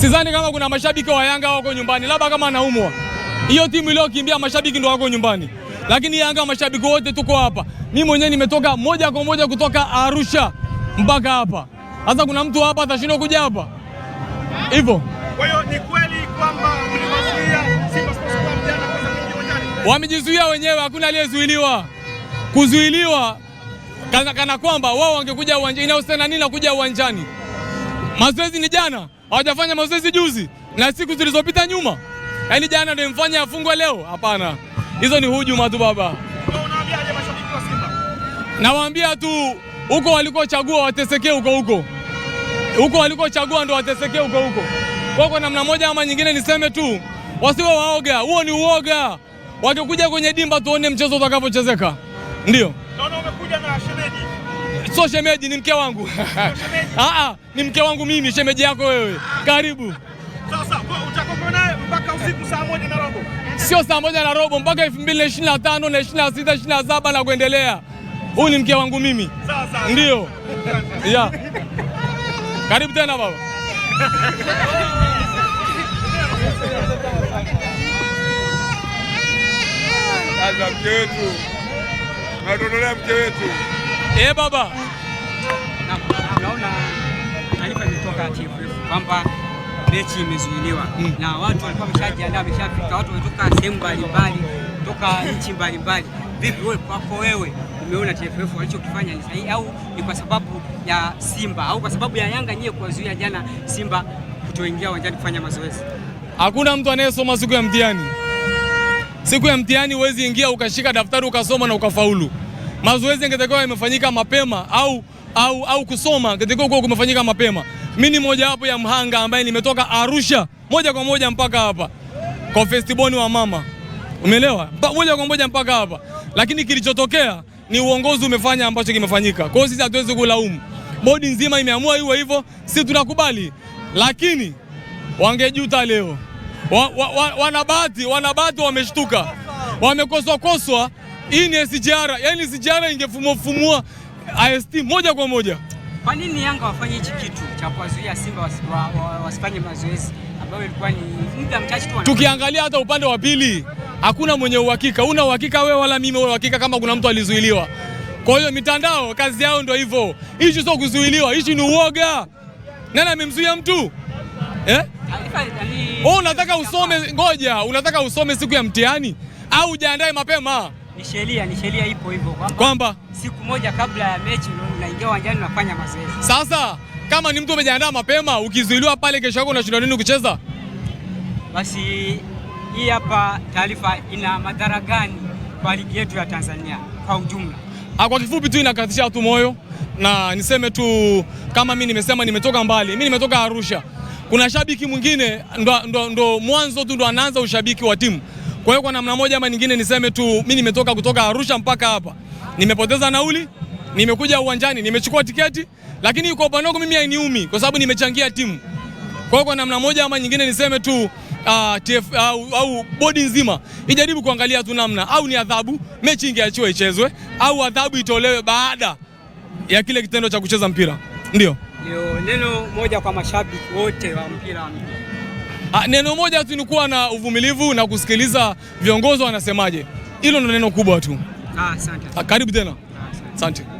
Sidhani kama kuna mashabiki wa Yanga wako nyumbani, labda kama anaumwa. Hiyo timu iliyokimbia mashabiki ndio wako nyumbani, lakini Yanga mashabiki wote tuko hapa. Mimi mwenyewe nimetoka moja kwa moja kutoka Arusha mpaka hapa. Sasa kuna mtu hapa atashindwa kuja hapa hivyo? Kwa hiyo ni kweli kwamba wamejizuia wenyewe, hakuna aliyezuiliwa. Kuzuiliwa kana, kana kwamba wao wangekuja uwanjani, inahusiana nini na kuja uwanjani? Mazoezi ni jana hawajafanya mazoezi juzi na siku zilizopita nyuma. Yaani jana ndio mfanya afungwe leo? Hapana, hizo ni hujuma tu baba. Unawaambiaje mashabiki wa Simba? Nawaambia tu huko walikochagua watesekee huko huko, huko walikochagua ndo watesekee huko huko. Kwa kwa namna moja ama nyingine, niseme tu wasiwe waoga, huo ni uoga. Wakikuja kwenye dimba, tuone mchezo utakapochezeka Ndio naona umekuja na shemeji So shemeji ni mke wangu. Ah ah, ni mke wangu mimi, shemeji yako wewe. Karibu. Sasa utakuwa naye mpaka usiku saa moja na robo. Sio saa moja na robo mpaka 2025 na 26, 27 na kuendelea. Huyu ni mke wangu mimi. Sasa. Ndio. Ya. Karibu tena baba. Sasa mke wetu. Natondolea mke wetu. Eh, eh, baba naona taarifa imetoka TFF kwamba mechi imezuiliwa hmm. na watu walikuwa wameshajiandaa, wameshafika, watu wametoka sehemu mbalimbali, toka nchi mbalimbali. Vipi wewe kwako wewe umeona TFF walichokifanya ni sahihi au ni kwa sababu ya Simba au kwa sababu ya Yanga nyewe kuwazuia jana Simba kutoingia uwanjani kufanya mazoezi? Hakuna mtu anayesoma siku ya mtihani. Siku ya mtihani huwezi ingia ukashika daftari ukasoma na ukafaulu mazoezi yangetakiwa yamefanyika mapema au, au, au kusoma ngetakiwa kuwa kumefanyika mapema. Mimi ni mojawapo ya mhanga ambaye nimetoka Arusha moja kwa moja mpaka hapa kwa festiboni wa mama, umeelewa, moja kwa moja mpaka hapa, lakini kilichotokea ni uongozi umefanya ambacho kimefanyika. Kwa hiyo sisi hatuwezi kulaumu, bodi nzima imeamua iwe hivyo, si tunakubali, lakini wangejuta leo. Wanabahati wa, wa, wanabahati wameshtuka, wamekoswakoswa hii ni SGR, yani SGR ingefumafumua IST moja kwa moja. Kwa nini Yanga wafanye hichi kitu cha kuwazuia Simba wasifanye mazoezi ambayo ilikuwa ni muda mchache tu? Tukiangalia hata upande wa pili hakuna mwenye uhakika, una uhakika wewe wala mimi uhakika kama kuna mtu alizuiliwa. Kwa hiyo mitandao kazi yao ndio hivyo, hichi sio kuzuiliwa, hichi ni uoga. Nani amemzuia mtu eh? Oh, unataka usome, ngoja, unataka usome siku ya mtihani au ujiandae mapema? Ni sheria, ni sheria ipo hivyo kwamba kwamba siku moja kabla ya mechi unaingia uwanjani unafanya mazoezi. Sasa kama ni mtu umejiandaa mapema, ukizuiliwa pale, kesho yako unashindwa nini kucheza? Basi hii hapa taarifa ina madhara gani kwa ligi yetu ya Tanzania kwa ujumla? Ah, kwa kifupi tu inakatisha tu moyo na niseme tu kama mimi nimesema, nimetoka mbali, mimi nimetoka Arusha. Kuna shabiki mwingine ndo, ndo, ndo mwanzo tu ndo anaanza ushabiki wa timu kwa hiyo kwa namna moja ama nyingine niseme tu mimi nimetoka kutoka Arusha mpaka hapa, nimepoteza nauli, nimekuja uwanjani, nimechukua tiketi, lakini kwa upande wangu mimi hainiumi kwa sababu nimechangia timu. Kwa hiyo kwa namna moja ama nyingine niseme tu Uh, ah, TF, uh, ah, au bodi nzima ijaribu kuangalia tu namna au ni adhabu, mechi ingeachiwa ichezwe, au adhabu itolewe baada ya kile kitendo cha kucheza mpira. Ndio ndio neno moja kwa mashabiki wote wa mpira wa miguu. Ah, neno moja tu ni kuwa na uvumilivu na kusikiliza viongozi wanasemaje. Hilo ndo neno kubwa tu. Ah, asante. Ah, karibu tena. Ah, asante.